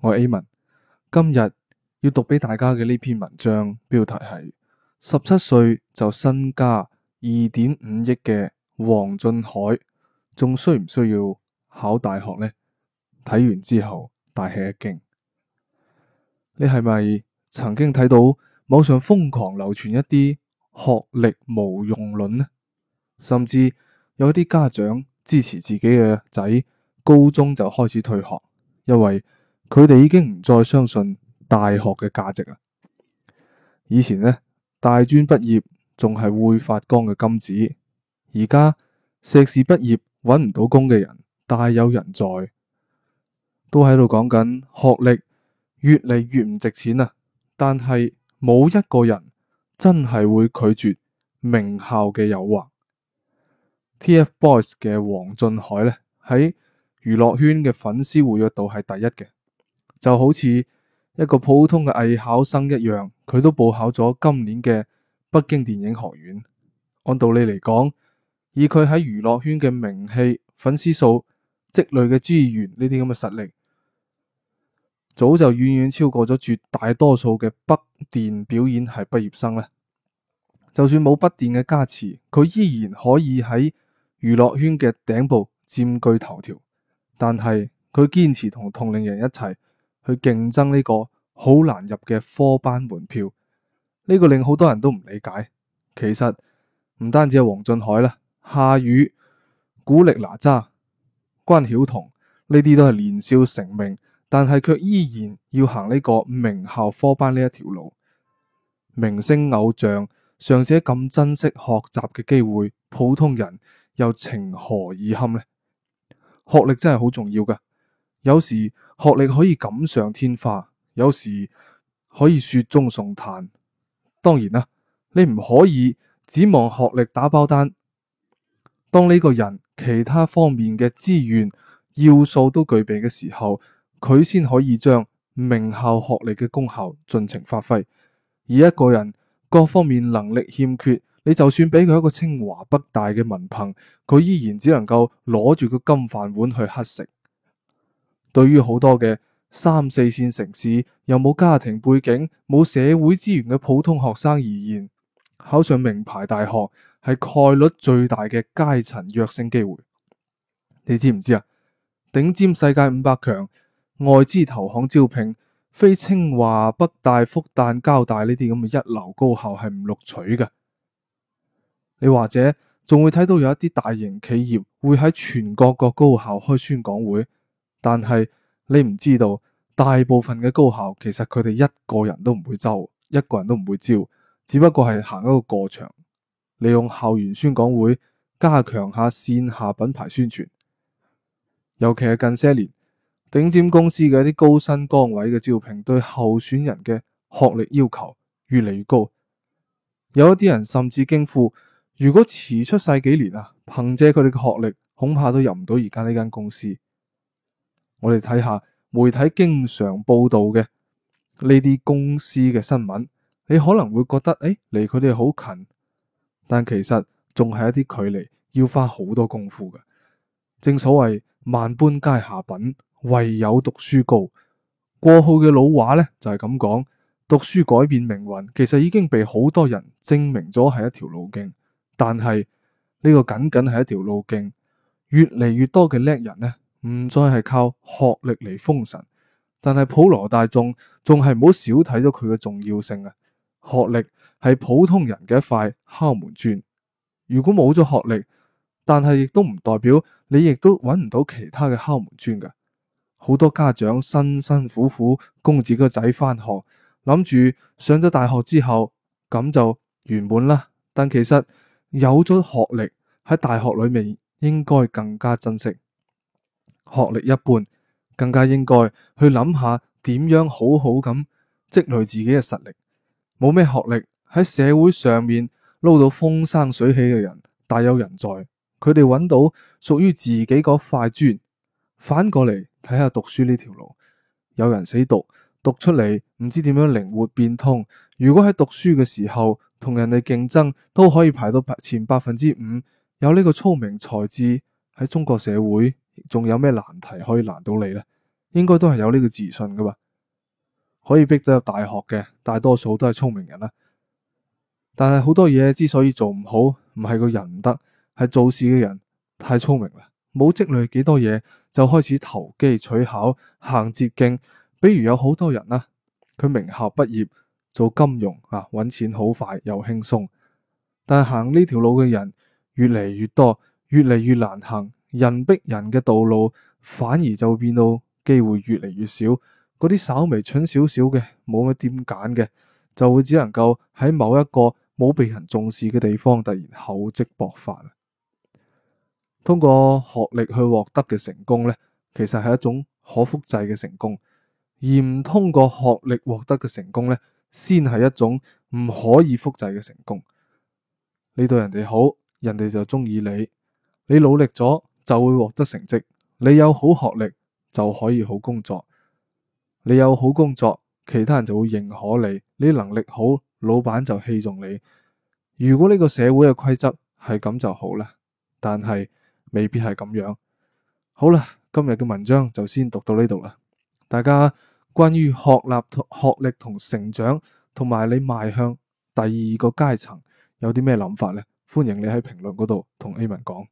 我係 A 文，今日要讀俾大家嘅呢篇文章，標題係十七歲就身家二點五億嘅王俊凱，仲需唔需要考大學呢？睇完之後大吃一驚。你係咪曾經睇到網上瘋狂流傳一啲學歷無用論呢？甚至有一啲家長支持自己嘅仔高中就開始退學，因為？佢哋已經唔再相信大學嘅價值啊！以前呢，大專畢業仲係會發光嘅金子，而家碩士畢業揾唔到工嘅人大有人在，都喺度講緊學歷越嚟越唔值錢啊！但係冇一個人真係會拒絕名校嘅誘惑。TFBOYS 嘅王俊凱呢，喺娛樂圈嘅粉絲活躍度係第一嘅。就好似一個普通嘅藝考生一樣，佢都報考咗今年嘅北京電影學院。按道理嚟講，以佢喺娛樂圈嘅名氣、粉絲數、積累嘅資源呢啲咁嘅實力，早就遠遠超過咗絕大多數嘅北電表演系畢業生啦。就算冇北電嘅加持，佢依然可以喺娛樂圈嘅頂部佔據頭條。但係佢堅持同同齡人一齊。去競爭呢個好難入嘅科班門票，呢、這個令好多人都唔理解。其實唔單止係王俊凱啦，夏雨、古力娜扎、關曉彤呢啲都係年少成名，但係卻依然要行呢個名校科班呢一條路。明星偶像尚且咁珍惜學習嘅機會，普通人又情何以堪呢？學歷真係好重要噶。有時學歷可以錦上添花，有時可以雪中送炭。當然啦，你唔可以指望學歷打包單。當呢個人其他方面嘅資源、要素都具備嘅時候，佢先可以將名校學歷嘅功效盡情發揮。而一個人各方面能力欠缺，你就算俾佢一個清華北大嘅文憑，佢依然只能夠攞住個金飯碗去乞食。對於好多嘅三四線城市又冇家庭背景、冇社會資源嘅普通學生而言，考上名牌大學係概率最大嘅階層躍升機會。你知唔知啊？頂尖世界五百強外資投行招聘，非清華、北大、復旦、交大呢啲咁嘅一流高校係唔錄取嘅。你或者仲會睇到有一啲大型企業會喺全國各高校開宣講會。但係你唔知道，大部分嘅高校其實佢哋一個人都唔會招，一個人都唔會招，只不過係行一個過場，利用校園宣講會加強下線下品牌宣傳。尤其係近些年，頂尖公司嘅一啲高薪崗位嘅招聘對候選人嘅學歷要求越嚟越高，有一啲人甚至驚呼：如果遲出世幾年啊，憑借佢哋嘅學歷，恐怕都入唔到而家呢間公司。我哋睇下媒體經常報道嘅呢啲公司嘅新聞，你可能會覺得誒、哎，離佢哋好近，但其實仲係一啲距離，要花好多功夫嘅。正所謂萬般皆下品，唯有讀書高。過去嘅老話呢就係咁講，讀書改變命運，其實已經被好多人證明咗係一條路徑。但係呢、這個僅僅係一條路徑，越嚟越多嘅叻人呢。唔再係靠學歷嚟封神，但係普羅大眾仲係唔好少睇咗佢嘅重要性啊。學歷係普通人嘅一塊敲門磚，如果冇咗學歷，但係亦都唔代表你亦都揾唔到其他嘅敲門磚㗎。好多家長辛辛苦苦供自己個仔返學，諗住上咗大學之後咁就圓滿啦。但其實有咗學歷喺大學裏面應該更加珍惜。學歷一般，更加應該去諗下點樣好好咁積累自己嘅實力。冇咩學歷喺社會上面撈到風生水起嘅人大有人在，佢哋揾到屬於自己嗰塊磚。反過嚟睇下讀書呢條路，有人死讀，讀出嚟唔知點樣靈活變通。如果喺讀書嘅時候同人哋競爭都可以排到前百分之五，有呢個聰明才智喺中國社會。仲有咩難題可以難到你呢？應該都係有呢個自信噶吧？可以逼到入大學嘅，大多數都係聰明人啦、啊。但係好多嘢之所以做唔好，唔係個人唔得，係做事嘅人太聰明啦，冇積累幾多嘢就開始投機取巧，行捷徑。比如有好多人啦、啊，佢名校畢業做金融啊，搵錢好快又輕鬆。但行呢條路嘅人越嚟越多，越嚟越難行。人逼人嘅道路，反而就會變到機會越嚟越少。嗰啲稍微蠢少少嘅，冇乜點揀嘅，就會只能夠喺某一個冇被人重視嘅地方突然厚積薄發。通過學歷去獲得嘅成功咧，其實係一種可複製嘅成功；而唔通過學歷獲得嘅成功咧，先係一種唔可以複製嘅成功。你對人哋好，人哋就中意你；你努力咗。就會獲得成績。你有好學歷就可以好工作。你有好工作，其他人就會認可你。你能力好，老闆就器重你。如果呢個社會嘅規則係咁就好啦，但係未必係咁樣。好啦，今日嘅文章就先讀到呢度啦。大家關於學歷學歷同成長同埋你邁向第二個階層有啲咩諗法呢？歡迎你喺評論嗰度同 A 文、bon、講。